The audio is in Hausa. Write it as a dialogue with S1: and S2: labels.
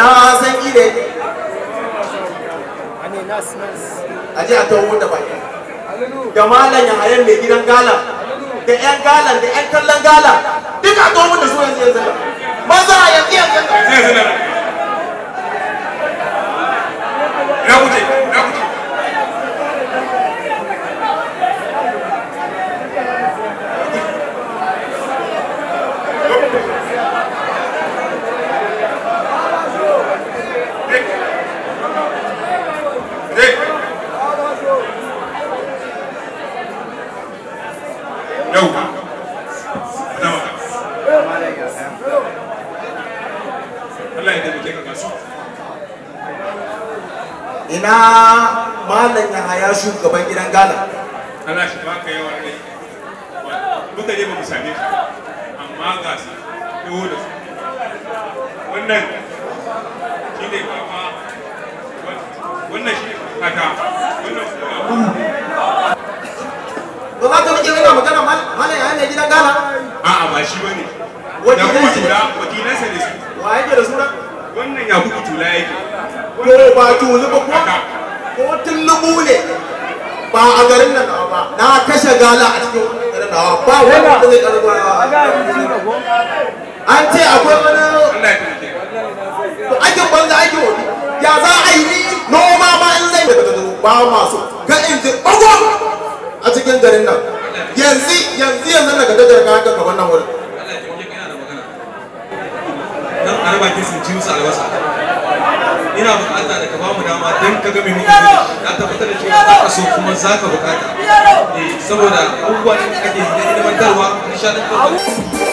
S1: na san ile aje a tawo da baki da ya hayan mai gidan gala da yan galan da yan kallon gala duk a tawo da su yanzu yanzu maza a yanzu yanzu yauwa Allah ya ina malam Yahaya shugaban gidan gala Allah shi baka yawan rai duk da dai ba mu same shi amma ga su dawo da su wannan shi ne baba wannan shi ne kaka kara a'a ba shi bane wani ne tula wakilan sa ne su wa yake da suna wannan ya kuku tula yake ko ba tulu ba ko ko tulubu ne ba a garin nan ba na kashe gala a cikin garin nawa ba wanda zai karba an ce akwai wani aikin banza aikin wani ya za a yi noma ma in zai daga ba masu ga in ji a cikin garin nan yanzu yanzu yanzu daga ka haka kaman nan wurin araba sun ci musu albasa ina bukata da ka ba mu dama dan ka ga me muke ka tabbatar da cewa za ka so kuma za ka bukata eh, saboda abubuwan da ake hidimantarwa nishadantarwa